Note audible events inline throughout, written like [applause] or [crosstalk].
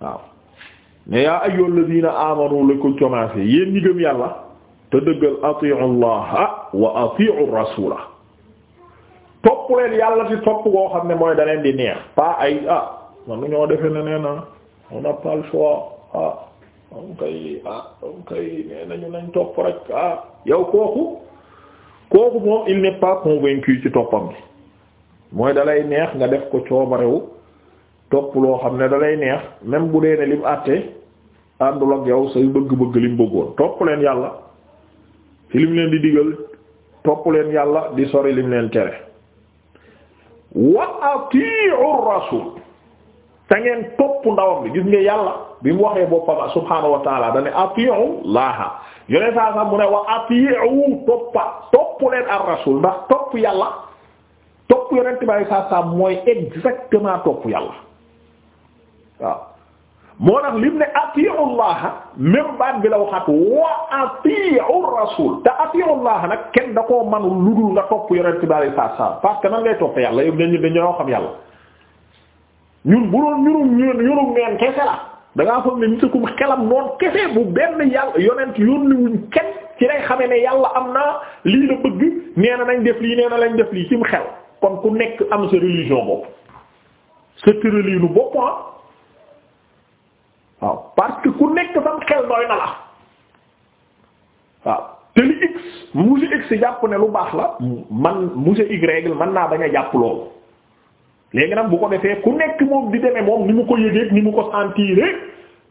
waaw ne yaa ayyul ladina amanu la ko commencé yéen ñi gëm yàlla te dëggal ati'u allaha wa ati'u rasula topp leen yàlla ci topp koo xam ne mooy da leen di neex pas ay ah man ne nee na on n'a pas ah, kay ah kay nee nañu nañ topp rek ah, yow kooku kooku moom il n'est pas convaincu ci toppam bi mooy dalay neex nga def ko coobarewu topp loo xam ne da neex même bu dee ne lim àtte àndul ak yow say bëgg-bëgg lim bëggoon topp leen yàlla ci lim leen di digal topp leen yàlla di sori lim leen tere wa atii'u rasul te ngeen topp ndawam bi gis nga yàlla bi mu waxee boppam subhaanahu wa taala dane atii'u laaha yoneen saa sax mu ne wa atii'u toppa topp leen ar rasul ndax topp yàlla topp yonent bi saa mooy exactement topp yàlla waaw moo tax lim ne atiu llaha même baat bi la waxaat wa atiu rasul te atiu llaha nag kenn da koo manul lu dul nga topp yonent bi alei saatu salam parce que nan ngay topp yàlla yow dañu dañoo xam yàlla ñun bu doon ñurum ñun ñurum neen kese la da yonent yónni wuñ kenn ci lay xamee ne yàlla am naa lii la bëgg nee nañ def lii nee lañ def lii ci mu xew kon ku nekk am sa religion bopp sa tëraliinu bopp ah. waaw parce que ku nekk sam xel doy na la waaw te li x monsieur x jàpp ne lu baax la man mu monsieur y man naa bañ a jàpp loolu léegi nag bu ko defee ku nekk moom di demee moom ni mu ko yëgeeg ni mu ko sentir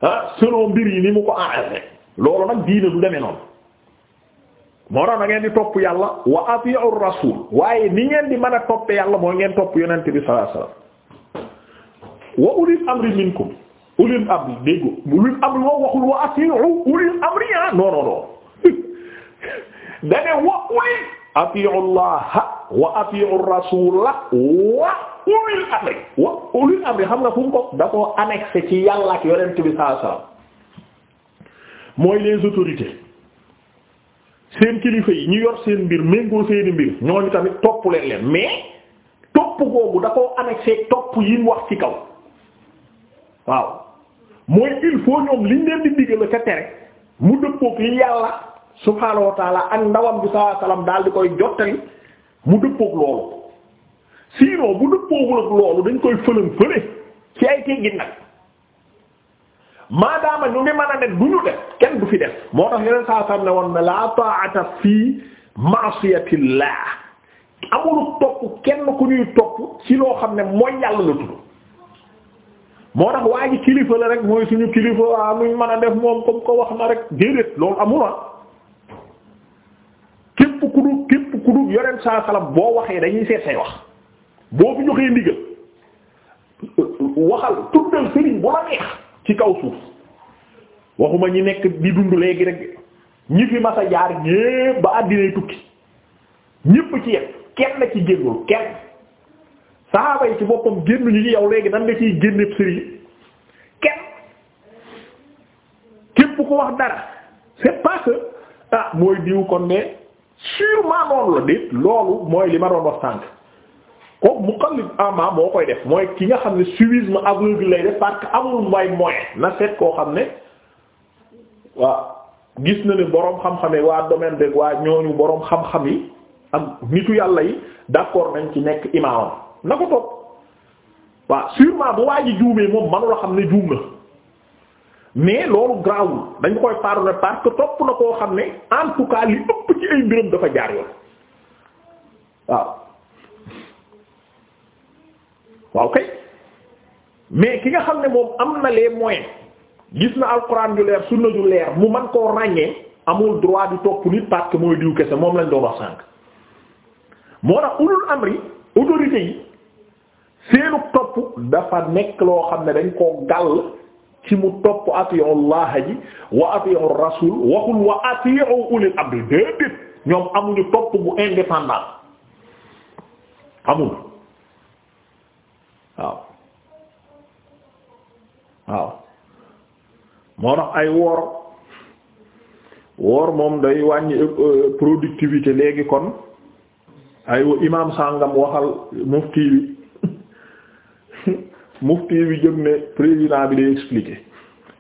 ah selon mbir yi ni mu ko enrg loolu nag diine du demee noonu moo tax na ngeen di topp yàlla wa ati'u rasul waaye ni ngeen di mën a toppe yàlla mooy ngeen topp yonent bi sallallahu alayhi wasallam wa ulil amri minkum ulil amri dégg ulil amri moom waxul wa atii'u ulil amri ah non non non [laughs] da ne wa ulil atii'u Allah wa atii'u xam nga fu ko da koo ci yàlla ak yonent bi sallallahu alayhi wasallam mooy les autorités seen kilifa yi ñu yor seen mbir méngoo seeni mbir ñooñu tamit topp leen leen mais topp googu da koo topp yi mu wax ci kaw waaw. mooy il faut ñoom liñ leen di digal ka tere mu dëppook li yàlla subhaanahu ak ndawam bi sallallahu alayhi daal di koy jottali mu dëppook loolu sinon bu dëppookul ak loolu dañ koy fëlan fële ci ay teggin nag maadaama ñu ngi mën a ne du ñu def kenn du fi def moo tax yeneen saa ne woon ne la ta'ata fi ma'siyatillah amul topp kenn ku ñuy topp ci loo xam ne mooy yàlla la tudd moo tax waa ji kilifa la rek mooy suñu kilifa waa luñ mën a def moom comme ko wax na rek déedéet loolu amula ah. képp ku dugg képp ku yoreen saa boo waxee dañuy seet say wax boo fi joxee ndigal waxal tuddal sëriñ bu la neex ci kaw suuf waxuma ñi nekk di dund léegi rek ñi fi masa jaar ñépp ba àddinay tukki ñépp ci yet kenn ci génnul kenn saxaaba yi ci boppam génnuñu ñu yow léegi nan nga ciy génneeb sëriñ képp ko wax dara c'est pas que ah mooy diw kon ne sûrement noonu la déet loolu mooy li ma doon wax ko kooku muqallid ama moo koy def mooy ki nga xam ne suivisme aveugle lay def parce que amul mooy moyen na seet koo xam ne waaw gis na ne boroom xam-xam yi waa domaine de waa ñooñu boroom xam-xam yi ak nitu yàlla yi d'accord nañ ci nekk imaamam na ko topp waaw sûrement bu waa juumee moom manu xam ne juum na mais loolu grawul dañ koy pardonner parce que topp na koo xam ne en tout li ëpp ci ay mbiram dafa jaar yoon waaw waaw kay mais ki nga xam ne moom am na les moyens gis na alxuraan ju leer sunna ju leer mu man koo ràññee amul droit di topp nit parce mooy diw kese moom lañ doon wax sànq moo tax ulul amri autorité yi seenu topp dafa nekk loo xam ne dañ koo gàll ci mu topp atiyu ji wa atiyu rasul waxul wa atiyu ulil amri déedéet ñoom amuñu topp bu indépendant amul waaw waaw moo tax ay woor woor moom day wàññi euh, euh, productivité léegi kon ay imaam sàngam waxal mufti mufti bi jóg ne président bi day expliquer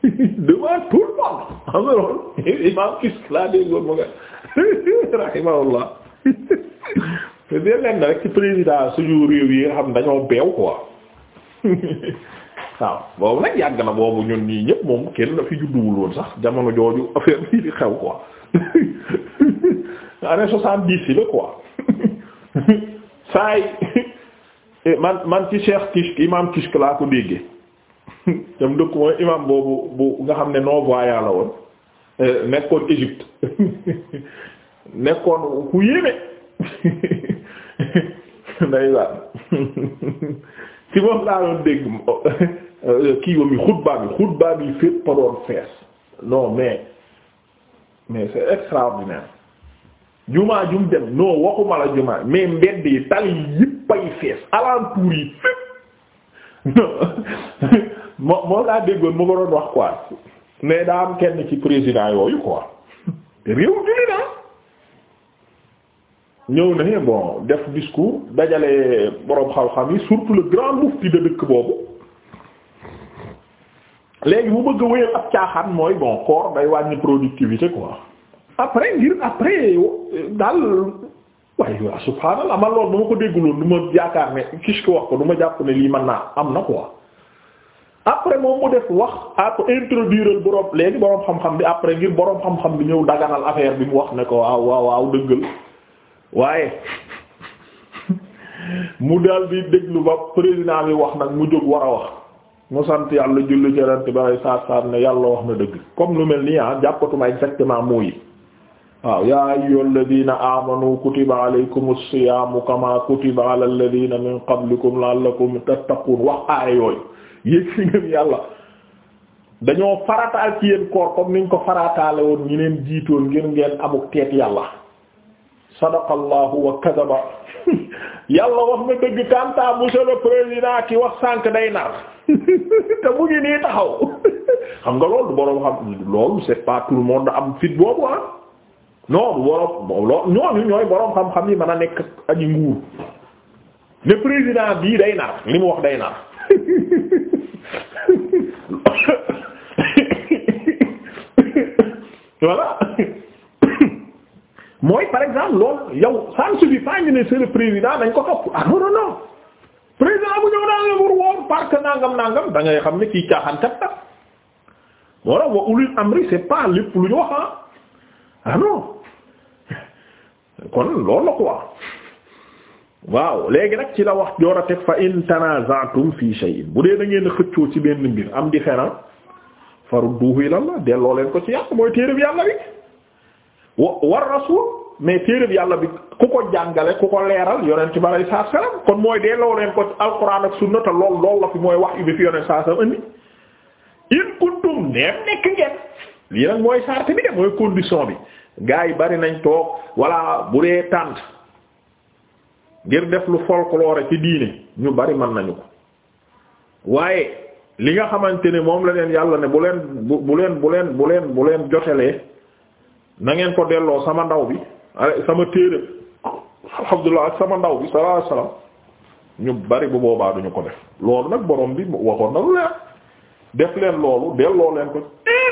[laughs] devant tout le monde xam nga [laughs] imam kis laa déggoon mu nga [laughs] rahimahullah te dee leen rek ci président suñu réew yi xam dañoo beew quoi waaw boobu nag yàgg na boobu ñun ñii ñëpp moom kenn dafa judduwul woon sax jamono jooju affaire bii di xew quoi année soixante-dix yi la quoi saa yi Eh, man man ci Cheikh Kishk imam Kishk laa ko déggee tam [laughs] dëkk mooy imam boobu bu nga xam ne non-voyant la woon eh, nekkoon Égypte [laughs] nekkoon ku yéeme [laughs] nday waan ci moom laa doon dégg kii wam yi xutba bi xutba bi fépp pa doon fees non mais mais c'est extraordinaire jumaa jum dem non waxuma la jumaa mais mbedd yi tali yi pay fees alentour yi fépp [laughs] moo moom déggoon mu ko doon wax quoi mais daa am kenn ci président yooyu quoi réew julli naa ñëw na bon def discours dajale boroom xam-xam yi surtout le grand mufti de dëkk boobu léegi mu bëgg a wéyal ab caaxaan mooy bon koor day wàññi productivité quoi après ngir après daal waaye waaw ah, subhaanallah bu ma ko dégguloon du ma yaakaar ne kis ko wax ko du ma jàpp ne lii mën naa am na quoi après moom mu def wax ak introduire borom léegi borom xam-xam bi après ngir borom xam-xam bi ñëw daganal affaire bi mu wax ne ko waaw waaw waaw dëggal waaye [laughs] mu daal di déglu ba président bi wax nag mu jóg war a wax mu sant yàlla julli jarante ba ay saat saat ne yàlla wax na dëgg comme lu mel nii ah jàppatuma exactement mooy waaw yaa ayyuhal ladina amanu kutiba alaykumus siyaamu kama kutiba alal ladina min qablikum la'allakum tattaqun wax aaya yooyu yéeg si ngeen yàlla dañoo farataal ci yéen koor comme niñ ko farataale woon ñi leen jiitoon ngir ngeen amuk teet yàlla sadaqallahu wa kadaba [laughs] yàlla wax na dëgg kanta monsieur le président ki wax sànq day nar [laughs] te mu ngi nii taxaw [laughs] xam nga loolu boroom xam loolu c'est pas tout le monde am fit boobu ah non wolof ñooñu ñooy borom xam-xam yi mën a nekk aji nguur ne président bii day nar limu wax day nar [laughs] voilà [coughs] mooy par exemple loolu yow ça ne suffit pas ne c'est le président dañ ko topp ah non non non président bu ñëw daal la nangam nangam da xam ne kii caaxaan kat kat wa ulul amri c'est pas lépp lu ñu wax ah, ah kon loolu la quoi waaw léegi nag ci la wax joor a teg fa in tanaza'tum fi shay'in bu dee da ngeen xëccoo ci benn mbir am différent farudduhu ila Allah delloo leen ko ci yàlla mooy téereb yàlla bi wa bi ku ko jàngale ku ko leeral yonent bi alayhi salaatu salaam kon mooy delloo leen ko alquran ak sunna lool lool la fi mooy wax yu bi fi yonent saa salaam indi in kuntum neem nekk ngeen lii nag mooy sart bi de mooy condition bi gaa yi bari nañ toog walla bu dee tànt ngir def lu folklore ci diine ñu bari mën nañu ko waaye li nga xamante ne moom la leen yàlla ne bu leen bu bu leen bu leen bu leen bu leen jotelee na ngeen ko delloo sama ndaw bi sama téere alhamdulilah ak sama ndaw bi sallallahu alayhi ñu bari bu boobaa duñu ko def loolu nag borom bi waxoon na lu leen def leen loolu delloo leen ko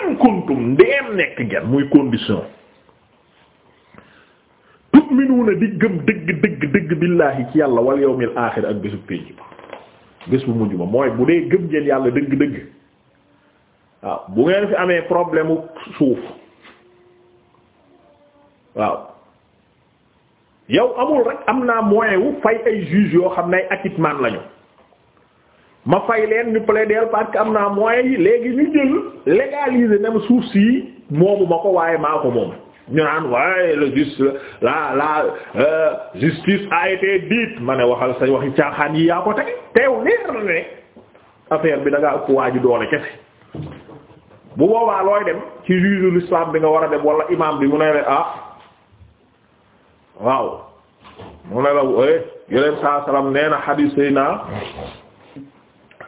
in kuntum ndeem nekk ngeen muy condition yu'minuuna di gëm dëgg dëgg dëgg billaahi ci yàlla yow yawmil aaxir ak bésub pénc ba bés bu mujj ba mooy bu dee gëm ngeen yàlla dëgg dëgg waaw bu ngeen fi amee problème mu suuf waaw yow amul rek am naa moyen wu fay ay juge yoo xam ne ay acquittement lañu ma fay leen ñu plaider parce que am naa moyen yi léegi ñu jël légaliser même suuf si moomu ma ko waaye maa ko moom ñu naan waaye le juste la la euh, justice a été dite ma ne waxal sa waxi caaxaan yi yaa ko teg teew leer na ne affaire bi da ngaa ëpp waa ji doole kese bu boobaa looy dem ci juge l'islam bi nga war a dem wala imam bi mu ne la ah waaw mu ne la yeneen saa salaam nee na hadith sayna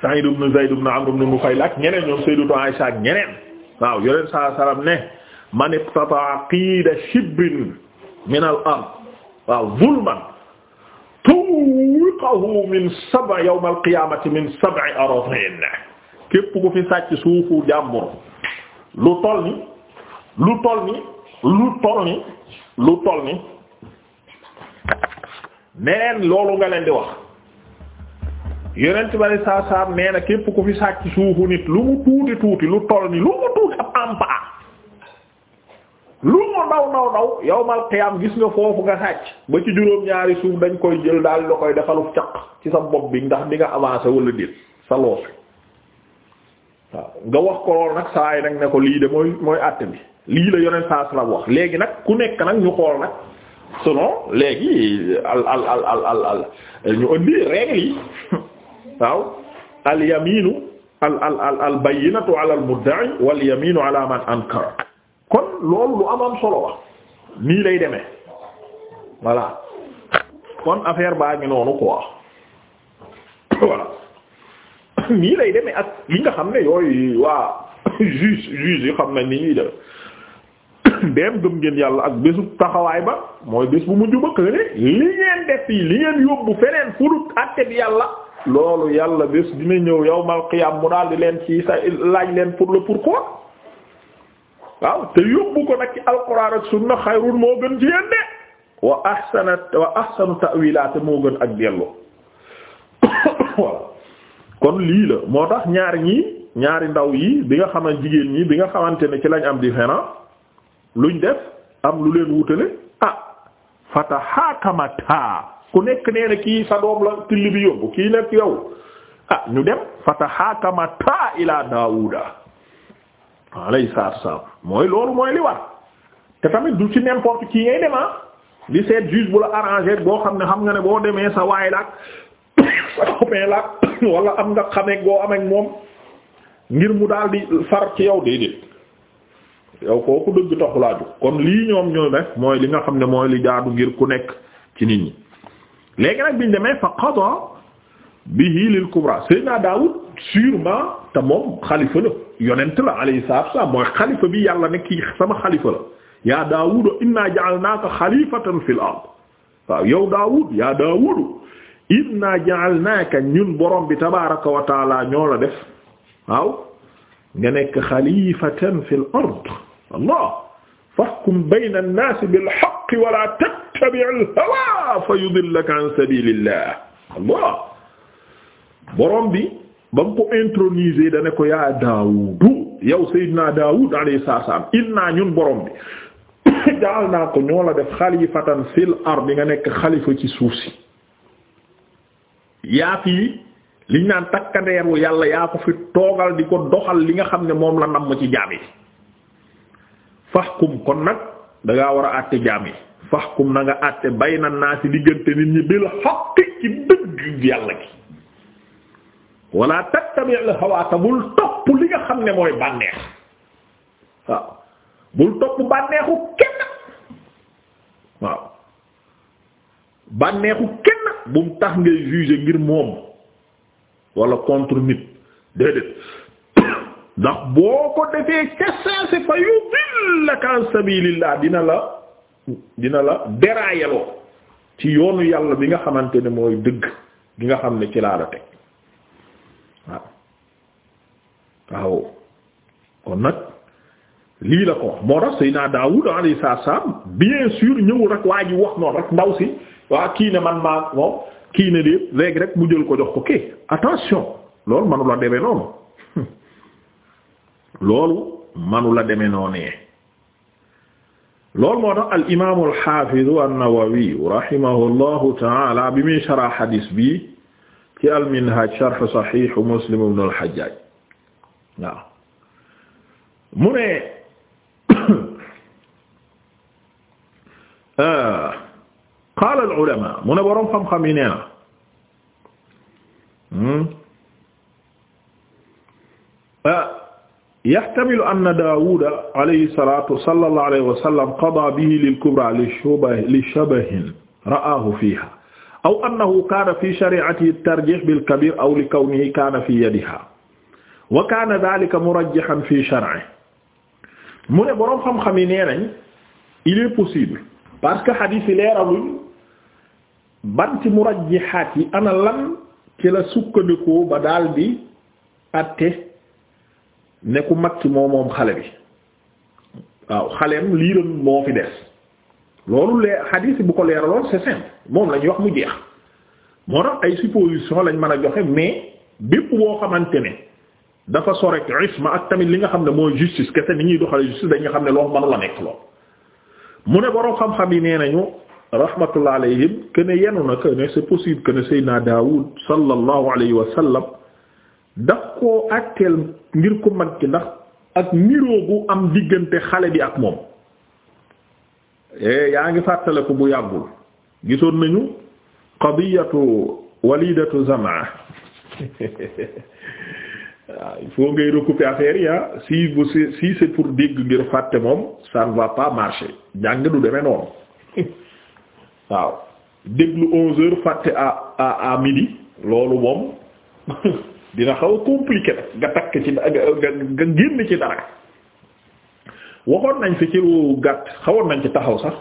Sa'id ibn am ibn Amr ibn Nufayl ak ñeneen ñoom Sayyidatu Aisha ak ñeneen waaw yeneen saa salaam ne. man iqtataa qiida shibrin min al ard waaw zulman tuwiqahu min sab'a yawm al qiyamati min sab'i aradin képp ku fi sàcc suufu jàmbur lu toll ni lu toll ni lu toll ni lu toll ni neneen loolu nga leen di wax yonent bari saa saa nee képp ku fi sàcc suufu nit lu mu tuuti tuuti lu toll ni lu mu tuuti ab ampa lu mu ndaw ndaw ndaw yawmal qiyaam gis nga foofu nga sàcc ba ci juróom-ñaari suuf dañ koy jël daal la koy defaluf caq ci sa bopp bi ndax di nga avancé wala déet sa loosi nga wax ko lool nag saa yi nag ne ko lii de mooy mooy àtt bi lii la yoneen saa la wax léegi nag ku nekk nag ñu xool nag selon léegi al al al al al ñu indi règle yi [laughs] waaw al yaminu al al al al bayyinatu ala al mudda'i wal yaminu ala man ankara kon loolu lu am am solo wax nii lay deme voilà kon affaire baa ngi noonu quoi voilà [coughs] nii lay demee ak yi nga xam ne yooy waa [coughs] juge juge yi xam na ni ñuy [coughs] dem gëm yàlla ak bésu taxawaay ba mooy bés bu mujj ba këne li ngeen def yi li ngeen yóbbu feneen fu dul àtte bi yàlla loolu yàlla bés dina ñëw yawmal qiyaam mu daal di leen ci sa laaj leen pour le pourquoi waaw te yóbbu ko nag ci alquran ak sunna xayrun moo gën ci yéen de wa ahsana wa ahsanu ta'wilaat moo gën ak delloo [coughs] voilà kon lii la moo tax ñaar ñii ñaari ndaw yi bi nga xamante jigéen ñi bi nga xamante ne ci lañ am différent luñ def am lu leen wutale ah fata ku nekk nee na kii sa doom la till bi yóbbu kii nekk yow ah ñu dem fata xaakamata ila alayhi salaatu salaam mooy loolu mooy li war te tamit du ci n'importe qui ngay dem ah. di seet juge bu la arrangé boo xam ne xam nga ne boo demee sa waay laak [coughs] sa copain laak [coughs] wala am nga xamee boo amee moom ngir mu daal di far ci yow déedéet yow kooku dëgg taxu laa kon lii ñoom ñoo nekk mooy li nga xam ne mooy li jaadu ngir ku nekk ci nit ñi léegi nag biñ demee fa qada bihi lil kubra Seydina Daawud sûrement te moom xalifa la yonent la alayhi salaatu wassalaam mooy xalifa bi yàlla ne kii sama xalifa la yaa Daawuud inna ja'alnaaka xalifatan fil ard waaw yow Daawuud yaa Daawuud inna ja'alnaaka ñun borom bi tabaaraka wa taala ñoo la def waaw nga nekk xalifatan fil ard Allah fahkum bayna an-naasi bil haqqi wa laa tattabi'il hawaa fa yudillaka an sabiilillah Allah borom bi ba mu ko introniser da ne ko yaa Daawudu yow Seydina Daawud alayhi salaam inna ñun borom bi [coughs] jaal naa ko ñoo la def xalifatan fil bi nga nekk xalifa ci suuf si yaa yi liñ naan takkandeeru yàlla yaa ko fi toogal di ko doxal li nga xam ne moom la nam ci jaam yi faxkum kon nag dangaa war a àtte jaam yi faxkum na nga àtte bayna naa ci diggante nit ñi bil xaqi ci dëgg yàlla gi wala tattabi'il hawa te bul topp li nga xam ne mooy bànneex waaw bul topp bànneexu kenn waaw bànneexu kenn bu mu tax ngay juger ngir moom wala contre nit déedéet [coughs] ndax boo ko defee ca saase fa yudillaka an sabilillah dina la dina la déraayeloo ci yoonu yàlla bi nga xamante ne mooy dëgg gi nga xam ne ci laa la teg waaw kon nag lii la ko moo tax Seydina Daawud alayhi salaam bien sûr ñëwul rek waa ji wax noonu rek ndaw si waa kii ne man maa moom kii ne de léegi rek mu jël ko jox ko kii attention loolu manu la demee noonu [laughs] loolu manu la demee noonee loolu moo tax al imaamu al xaafizu an-Nawawi rahimahu bi muy sarah hadis bi. ci al-Minhaj sharh Sahih Muslim ibn al-Hajjaj waaw mu ne [coughs] ah, qaala al-ulama mu ne boroom xam-xam yi nee na hmm, ah, yahtamilu anna Daawuda alayhi salaatu sallallahu alayhi wa sallam qadaa bihi lil-kubraa li-shabahin ra'aahu fiihaa aw annahu kaana fi shari'atihi at-tarjih bil kabir aw li kawnihi kaana fi yadiha wa kaana dhalika murajjahan fi shar'ihi mu ne boroom xam-xam yi nee nañ il est possible parce que xadiis yi leeraluñ ban ci murajjihaat yi ana lan ci la sukkandikoo ba daal di àtte ne ku mag ki moo moom xale bi waaw xaleem liiram moo fi des loolu lee xadiis bu ko leeraloon c'est moom la ñuy wax mu jeex moo tax ay supposition lañ mën a joxe mais bépp boo xamante ne dafa sore isma ak tamit li nga xam ne mooy justice kese ni ñuy doxale justice dañ nga xam ne loolu mënu la nekk lool mu ne borom xam-xam yi nee nañu rahmatullah alayhim que ne yenu na que ne c'est possible que ne Seydina Daawud sallallahu alayhi wa sallam daf koo àtteel ngir ku mag ki ndax ak niroo bu am diggante xale bi ak moom E, yaa ngi fàttale ko bu yàggul gisoon nañu qadiyatu walidatu Zam'a [laughs] waaw il faut ngay recouper affaire yi ah. si bu si si c'est pour dégg ngir fàtte moom ça ne va pas marcher jàng du demee noonu [laughs] waaw déglu onze heures fàtte à à à midi loolu moom [laughs] dina xaw compliqué nag nga takk ci nga nga génn ci dara waxoon nañ fi ci lu gàtt xawoon nañ ci taxaw sax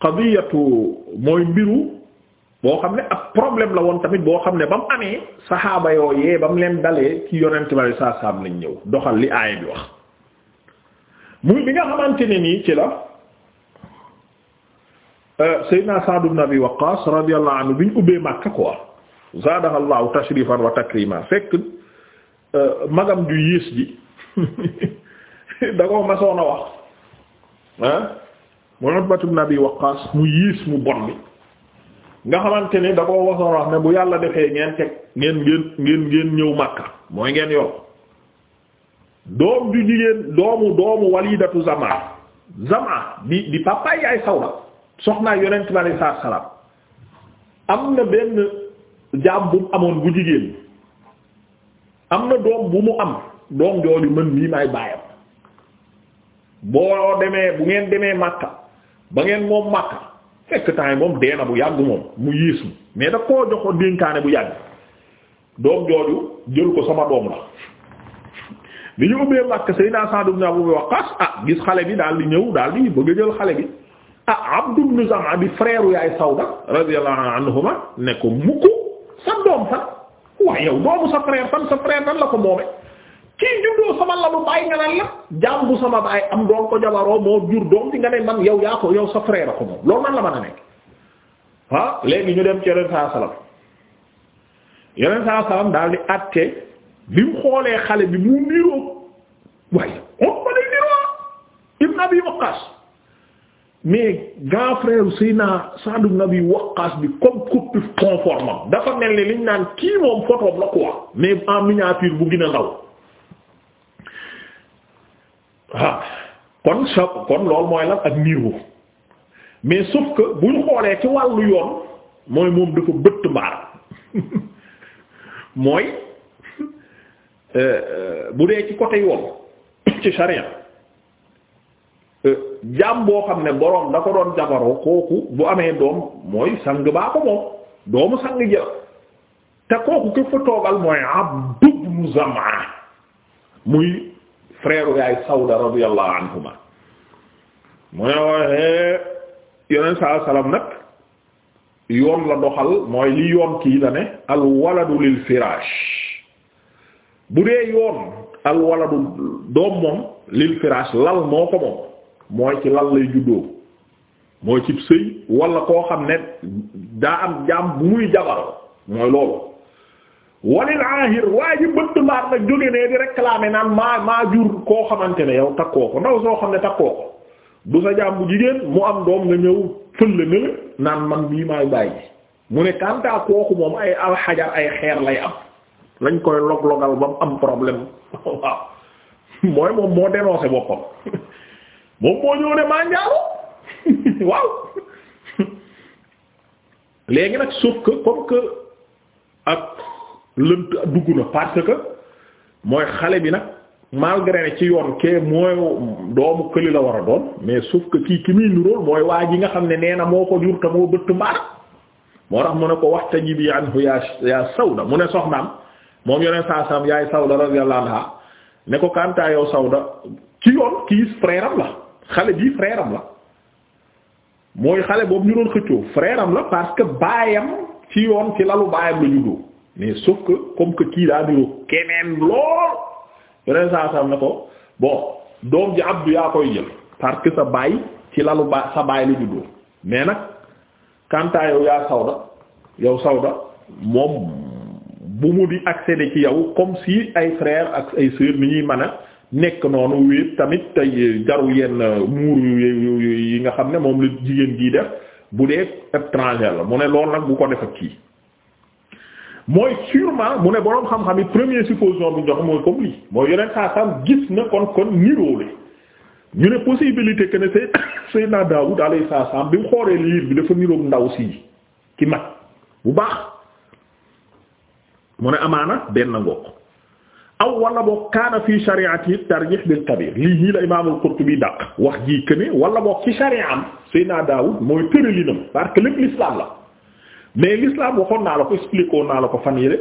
qadiyatu mooy mbiru boo xam ne ab problème la woon tamit boo xam ne ba mu amee saxaaba yooyee ba mu leen dalee ci yonent ba saa saam lañ ñëw doxal li aaya bi wax muy bi nga xamante ne nii ci la euh, Seydina Sa'd ibn Abi Waqqas radiyallahu anhu bi ñu ubbee Makka quoi zaadaha Allahu tashrifan wa takriman fekk euh, magam ju yées ji [laughs] [laughs] da ko masoon a wax ah mu Utbat ibn Abi Waqqas mu yiis mu bon bi nga xamante ni da ko wasoon a wax ne bu yàlla defee ngeen teg ngeen ngeen ngeen ngeen ñëw Makka mooy ngeen yor doom ju jigéen doomu doomu walidatu Zamaa Zamaa di di papa yaay Sawda soxnaa yonent bi alayhi salaatu salaam am na benn jaam bu mu amoon bu jigéen am na doom bu mu am doom jooju mën nii may baayam boo demee bu ngeen demee Makka ba ngeen moom Makka fekk temps yi moom dee na bu yàgg moom mu yiis mais da koo joxoo dénkaane bu yàgg doom jooju jël ko sama doom la bi ñu ubbee Makka Seydina Sa'd ibn Abi Waqqas ah gis xale bi daal di ñëw daal di bëgg a jël xale bi ah Abdu ibn Zam'a bi frère yaay Sawda radiyallahu anhuma ne ko mukk sa doom fan waaye yow doomu sa frère sa frère nan la ko moome kii juddoo sama la bu bàyyi nga naan la jaam sama baay am doon ko jabaroo moo jur doom ci nga ne man yow yaa ko yow sa frère ko moom loolu man la mën a nekk ah léegi ñu dem ci yeneen saa salaam saa salaam daal bi mu xoolee xale bi mu niroog waaye bi comme copie conforme dafa mel ni liñ naan kii moom photo la quoi mais en miniature bu gën a ndaw. waaw ah. kon sa kon loolu mooy lan ak niiru mais sauf que bu xoolee ci wàllu yoon mooy moom dafa bëtt mbaar [laughs] mooy [laughs] euh, euh, bu dee ci côté yoon [coughs] ci sharia euh, jaam boo xam ne boroom da ko doon jabaroo kooku bu amee doom mooy sang baa ko moom doomu sang jël te kooku képp fa toogal mooy abdu zamaa muy frère yaay Sawda radiyallahu anhuma mu waxee yeneen saa salaam nag yoon la doxal mooy li yoon kii la ne al waladu lil firaash bu dee yoon al doom moom lil firaash lal moo ko moom mooy ci lal lay juddoo mooy cib sëy wala koo xam ne daa am jaam bu muy jabaroo mooy loolu walil ahir waa ji bëtt mbaar nag jóge ne di réclamer naan maa maa jur koo xamante ne yow takkoo ko ndaw soo xam ne takkoo ko du sa jaam bu jigéen mu am doom nga ñëw fël la nële naan man bii maay bàyyi mu ne kantaa kooku moom ay alxajar ay xeer lay am lañ koy log-logal ba mu am problème [laughs] waaw mooy moom moo dénoncé boppam [laughs] moom moo ñëw ne maa njaaru [laughs] waaw léegi nag sauf que comme que ak lënt dugg na parce que mooy xale bi nag malgré ci yoon ke mooy doomu këli la war a doon mais sauf que kii ki muy nirool mooy waa ji nga xam ne nee na moo ko jur te moo bëtt mbaar moo tax mu ne ko wax waxtajibi anhu yaa yaa Sawda mu ne soxnaam moom yeneen saa saam yaay Sawda radiyallahu anha ne ko kantaa yow Sawda ci yoon kii frère am la xale bii frère la mooy xale boobu ñu doon xëccoo frère am la parce que baayam ci yoon ci lalu baayam la juddoo mais sauf que comme que kii daa niru keneen lool yeneen saa sam ne ko bon doom ji abdu yaa koy jël parce sa baay ci lalu ba sa baay la juddoo mais nag kantaa yow yaa sawda yow sawda moom bu mu di accéder ci yow comme si ay frère ak ay sœur ni ñuy mën a nekk noonu wéet tamit te jaru yenn muur yu yi nga xam ne moom la jigéen gii def bu dee étranger la mu ne loolu nag bu ko def ak kii mooy sûrement mu ne boroom xam-xam yi premier supposition bi jox mooy comme lii mooy yeneen saa sam gis na kon kon niroole ñu ne possibilité que ne say Seydina [coughs] Daawud alayhi salaam bi mu xooree liir bi dafa niroog ndaw sii ki mag bu baax mu ne amaana benn ngoog aw wala boog kaana fii shari'ati tarjih bil kabir lii ñii la imaam al-Qurtubi dàq wax jii que ne wala boog ci shari'am Seydina Daawud mooy tëralinam parce que lépp l'islam la mais l'islam waxoon naa la ko expliqué naa la ko fan yële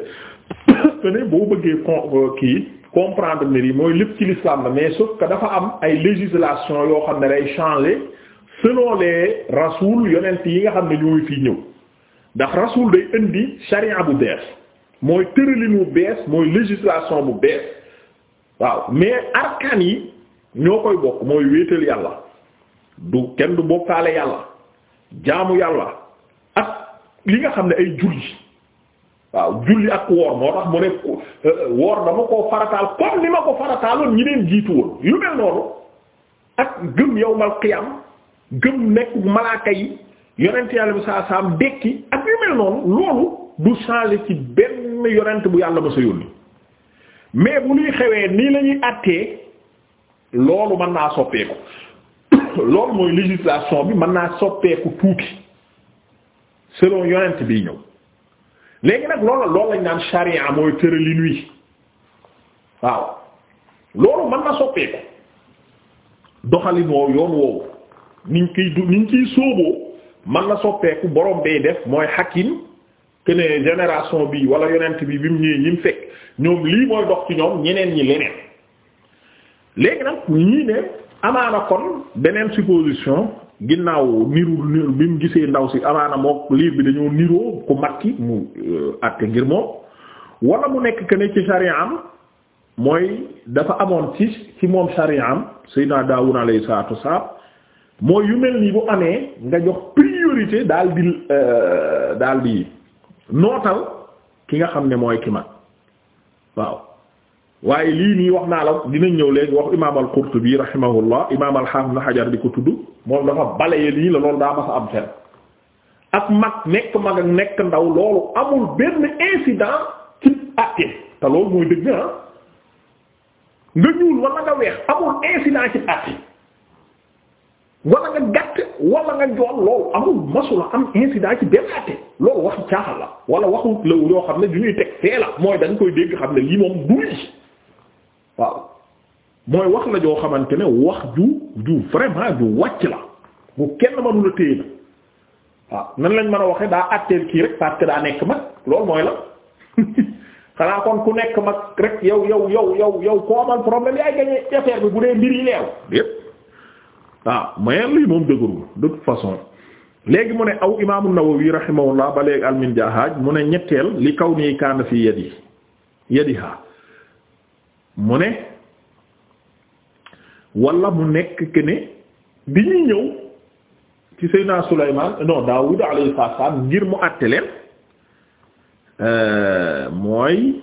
te [coughs] ne boo bëggee con euh, kii comprendre mbir yi mooy lépp ci l'islam la mais sauf que dafa am ay législation yoo xam ne day changer selon les yonent yi nga xam ne ñooy fii ñëw ndax rasoul day indi charia bu bees mooy tëralin bu bees mooy législation bu bees waaw mais arkaan yi ñoo koy bokk mooy wéetal yàlla du kenn du bokkaale yàlla jaamu yàlla li nga xam ne ay julli waaw julli ak woor moo tax mu ne euh, woor dama koo farataal comme ni ma ko farataaloon ñi leen jiitu woon yu mel noonu ak gëm yawmal qiyam gëm nekk malaaka yi yonent yàlla bi saa saam ak yu mel noonu loolu du changer ci benn yonent bu yàlla ba sa yónni mais bu luy xewee nii la àttee loolu mën naa soppeeku [coughs] loolu mooy législation bi mën naa soppeeku tuuti selon yonent bi ñëw léegi nag loolu loolu lañ naan charia mooy tëralin wi waaw loolu mën na soppeeku doxalin woowu yoon woowu niñ kiy du niñ kiy sóoboo mën na soppeeku borom bay def mooy hakim que ne génération bi wala yonent bi bi mu ñëwee ñi mu fekk ñoom lii mooy dox ci ñoom ñeneen ñi leneen léegi nag ñii ne amaana kon beneen supposition ginnaaw niru niru bi mu gisee ndaw si amaana mook liir bi dañoo niroo ku mag ki mu euh, àtte ngir moom wala mu nekk que ne ci mooy dafa amoon ci ci moom shari'am Seydina Daawuda alayhi salaatu wasalaam mooy yu mel nii bu amee nga jox priorité daal di euh, daal di nootal ki nga xam ne mooy ki mag waaw. waaye lii nii wax naa la dinañ ñëw léegi wax imaam al-Qurtubi rahimahullah imaam al-Hafiz Ibn Hajar ko tudd moom dafa balaye lii la loolu daa ma sa am fen ak mag nekk mag ak nekk ndaw loolu amul benn incident ci àtte te loolu mooy dëgg ah. am incident benn àtte loolu waxu caaxal la wala waxu la yoo xam ne du ñuy teg fee mooy dañ koy dégg xam ne lii moom du lii waaw mooy wax la joo xamante ne wax ju ju vraiment ju wàcc la bu kenn mënula téye na waaw nan lañ mën a waxee daa àtteel kii rek parce que daa nekk mag loolu mooy la [laughs] xanaa kon ku nekk mag rek yow yow yow yow yow koo amal problème yaay gañe affaire bi bu dee mbir yi leew yépp waaw mais lii moom dëgërul de toute façon léegi mu ne aw imaamu Nawawi rahimahullah ba léegi almin jahaaj mu ne ñetteel li kaw nii kaana fi yadi yadiha mu ne wala mu nekk que bi ñuy ñëw ci Seydina Sulaymaan non Daawud alayhi salaam ngir mu àtte leen euh, mooy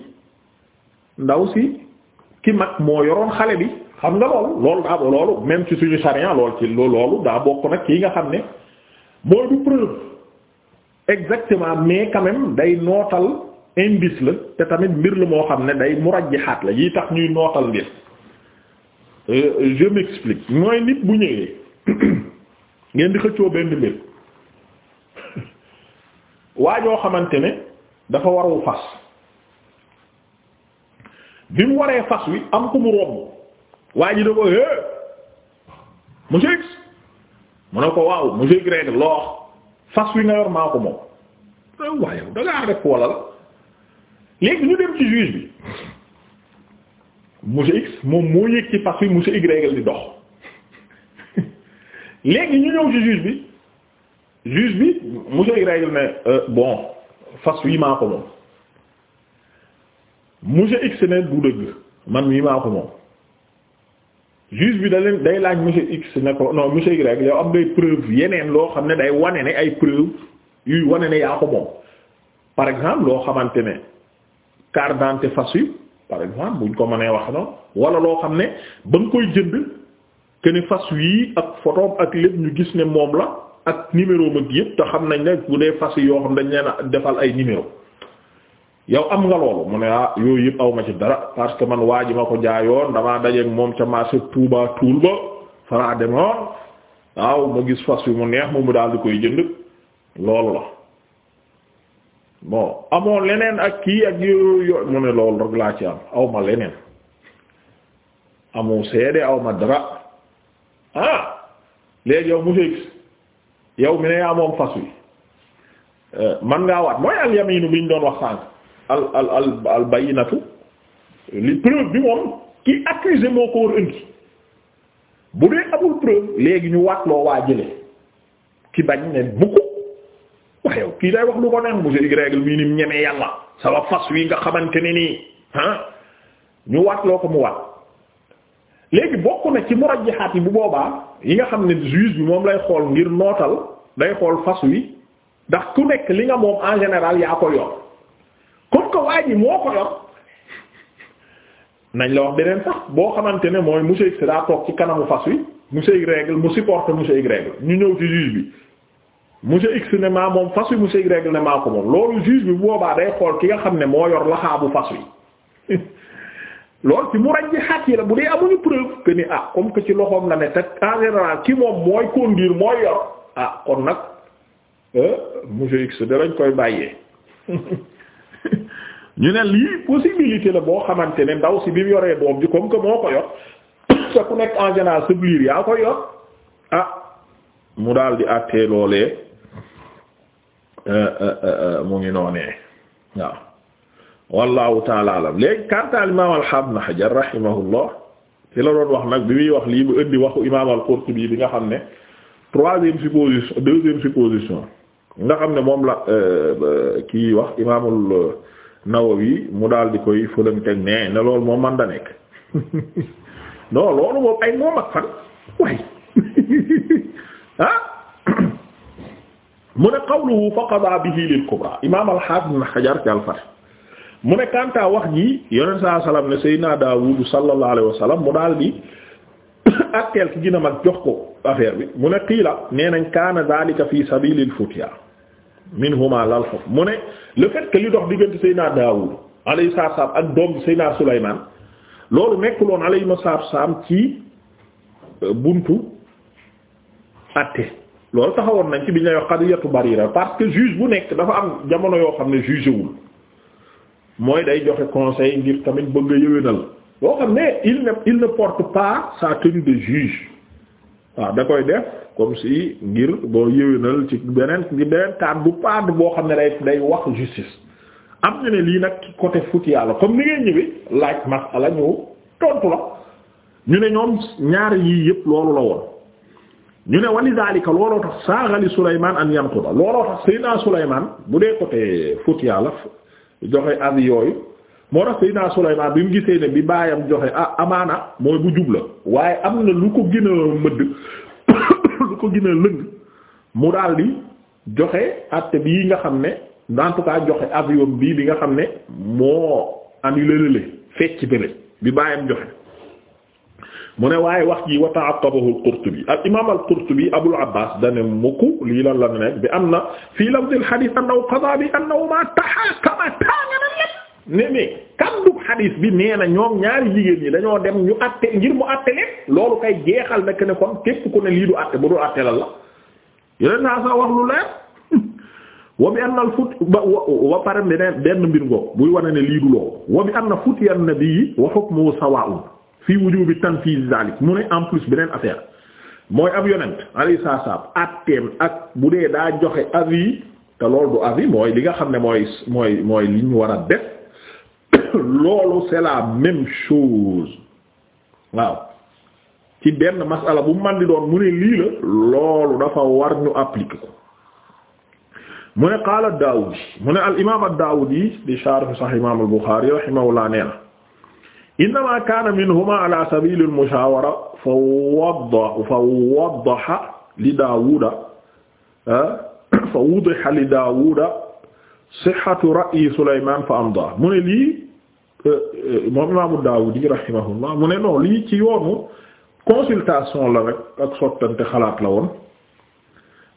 ndaw si ki mag moo yoroon xale bi xam nga loolu loolu daa loolu même ci suñu charia lool ci loolu daa bokk nag kii nga xam ne mooy du preuve exactement mais quand day nootal. indice la te tamit mbir la moo xam ne day murajjihaat la yi tax ñuy nootal mbir euh, je m'explique mooy nit bu ñëwee [coughs] ngeen di xëccoo benn mbir [coughs] waa xamante ne dafa waru fas bi mu waree fas wi am ku mu romb waa ji da ko hé monsieur X mu ne ko waaw monsieur Y loo fas wi nga yor maa ko moom waaye da ngaa def la léegi ñu dem ci juge bi monsieur X moom moo yëg ci fas yi monsieur di dox léegi ñu ñëw ci juge bi juge bi monsieur Y ne euh, bon fas yi maa ko moom monsieur X ne du dëgg man mii maa ko moom juge bi da leen day laaj monsieur X ne ko non monsieur Y yow am ngay preuve yeneen loo xam ne day wane ne ay preuve yuy wane ne yaa ko moom par exemple loo xamante ne. carte d'identité fas yu par exemple buñ ko mënee wax noonu wala loo xam ne ba nga koy jënd que ne fas yii ak photo ak lépp ñu gis ne moom la ak numéro mag yëpp te xam nañ ne bu dee fas yoo xam dañ leen a defal ay numéro yow am nga loolu mu ne ah yëpp aw ma ci dara parce que man waa ji ma ko jaayoon damaa dajeeg moom ca marché Touba tuul ba faraa demoon waaw ma gis fas yu mu neex moom mu daal di koy jënd loolu la. bon amoo leneen ak kii ak yo yo mu ne loolu rek laa ci am awma leneen amoo seede awma dara ah léegi yow mu fix yow mi ne yaa fas wi euh, man ngaa waat mooy al bi ñu doon wax sànq al al al al bayinatu li preuve bi moom ki accusé moo ko war indi bu dee amul preuve léegi ñu waat loo waa jële ki bañ ne bu ko waaye yow kii day wax lu ko neex monsieur Y mii nim ñemee yàlla sama fas wi nga xamante ne nii ñu waat loo ko mu waat léegi bokk na ci murajjahaat yi bu boobaa yi nga xam ne juge bi moom lay xool ngir nootal day xool fas wi ndax ku nekk li nga moom en général yaa ko yor comme que waa ji moo ko yor nañ la wax beneen sax boo xamante ne mooy monsieur X daa toog ci kanamu fas wi monsieur Y mu supporte monsieur Y ñu ñëw ci juge bi monsieur X ne maa moom fas wi monsieur Y ne maa ko moom loolu juge bi boobaa day xool ki nga xam ne moo yor laxaabu fas wi [laughs] loolu ci mu ràññee xàcc yi la bu dee amuñu preuve que ni ah comme que ci loxoom la ne teg en ki moom mooy conduire mooy yor ah kon nag euh, monsieur X darañ koy bàyyee [laughs] ñu ne lii possibilité la boo xamante ne ndaw si bi mu yoree doom ji comme que moo ko yor [coughs] te ku nekk en sa biir yaa ko yor ah mu daal di àttee loolee. Eh, eh, eh, mu ngi noonee waaw wallahu taala alam léegi kantaal imam alhabna hajar rahimahullah ci la doon wax nag bi muy wax lii bu indi waxu imam al-Qurtubi bi nga xam ne troisième supposition deuxième supposition nga xam ne moom la kii wax imaamul Nawawi mu daal di koy fëlanteg ne ne loolu moom man da nekk [laughs] non loolu moom ay moom ak fan way [laughs] ah mu ne qawluhu fa qadaa bihi lil kubra imaam al-Haafiz ibn Hajar ci mu ne Kantaa wax ji yonent saa salaam ne Seydina Daawuud sallallahu alayhi mu daal di àtteel [coughs] ki gën a mag jox ko affaire bi mu ne qiila nee nañ kaana zaalika fi sabiilil futyaa minhumaa lal hukm mu ne le fait que li dox diggante Seydina Daawuud alayhi salaam ak doom Seydina Sulaymaan loolu nekkul woon alayhi salaam ci euh, buntu àtte. loolu taxawoon nañ ci bi ñuy wax qadiyatu barira parce que juge bu nekk dafa am jamono yoo xam ne juge wul mooy day joxe conseil ngir tamit bëgg a yëwénal boo xam ne il ne il ne porte pas sa tenue de juge waaw da koy def comme si ngir boo yëwénal ci beneen ci beneen cadre bu pad boo xam ne day day wax justice am ñu ne lii nag ci côté foot yàlla comme ni ngay ñëwee laaj masala ñu tontu la ñu ne ñoom ñaari yii yëpp loolu la woon ñu ne walidaalika looloo tax saaxali Souleymane an yanquda looloo tax Seydina Souleymane bu dee côté fut yàlla joxe avis yooyu moo tax Seydina Souleymane bi mu gisee ne bi baayam joxe ah amaana mooy bu jub la waaye am na lu ko gën mëdd [coughs] lu ko gën a lëng mu daal di joxe àtte bii nga xam ne en tout cas joxe avis bii bi nga xam ne moo annulé lële fecc bële bi baayam joxe. mu ne waaye wax ji wa ta'aqqabahu al-Qurtubi al-imam al-Qurtubi Abul Abbas dane mukk lii lan la nekk bi am na fii lafz al-hadith annahu qada bi annahu ma tahakama tàngana lépp ne mais kaddu hadith bi nee na ñoom ñaari jigéen ñi dañoo dem ñu atte ngir mu atte lépp loolu kay jeexal nak ne kon képp ku ne lii du atte bu dul atte lan la yeneen naa sa wax lu leer wa bi anna al-fut wa pare beneen benn mbir ngoog buy wane ne lii du loolu wa bi anna futya an-nabi wa hukmuhu sawa'un fii wujubi tanfiz zalik mu ne en plus beneen affaire mooy ab yonent alayhi salaam atteem ak bu dee daa joxe avis te loolu du avis mooy li nga xam ne mooy mooy mooy li ñu war a def [coughs] loolu c'est la même chose waaw ci benn masala bu man di doon mu ne lii la loolu dafa war ñu appliquer ko mu ne qaala Daawudi mu ne al imaam ad-Daawudi di sharh sahih imaam al-Bukhari rahimahullah nee na innama kaana minhuma ala sabili almushawara fa wadda fa waddaha li daawuda fa wudiha li daawuda sihhatu ra'yi sulayman fa amda mu ne lii moom imaamu daawudi rahimahullah mu ne non lii ci yoonu consultation la rek ak sottante xalaat la woon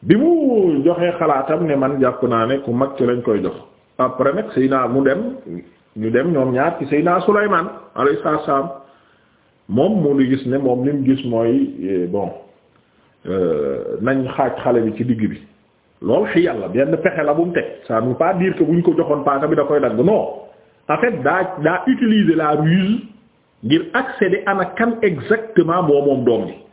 bi mu joxee xalaatam ne man jàpp naa ne ku mag ci lañ koy jox après nag sëy naa mu dem ñu dem ñoom ñaar ci Seydina Sulaymaan alayhi salaam moom moo ngi gis ne moom li gis mooy eh, bon euh, nañ xaaj xale bi ci digg bi lool xi yàlla benn pexe la bu mu teg ça ne veut pas dire que ko joxoon paaka bi da koy dagg non en fait daa daa utiliser la ruse ngir accéder ana kan exactement moo moom doom bi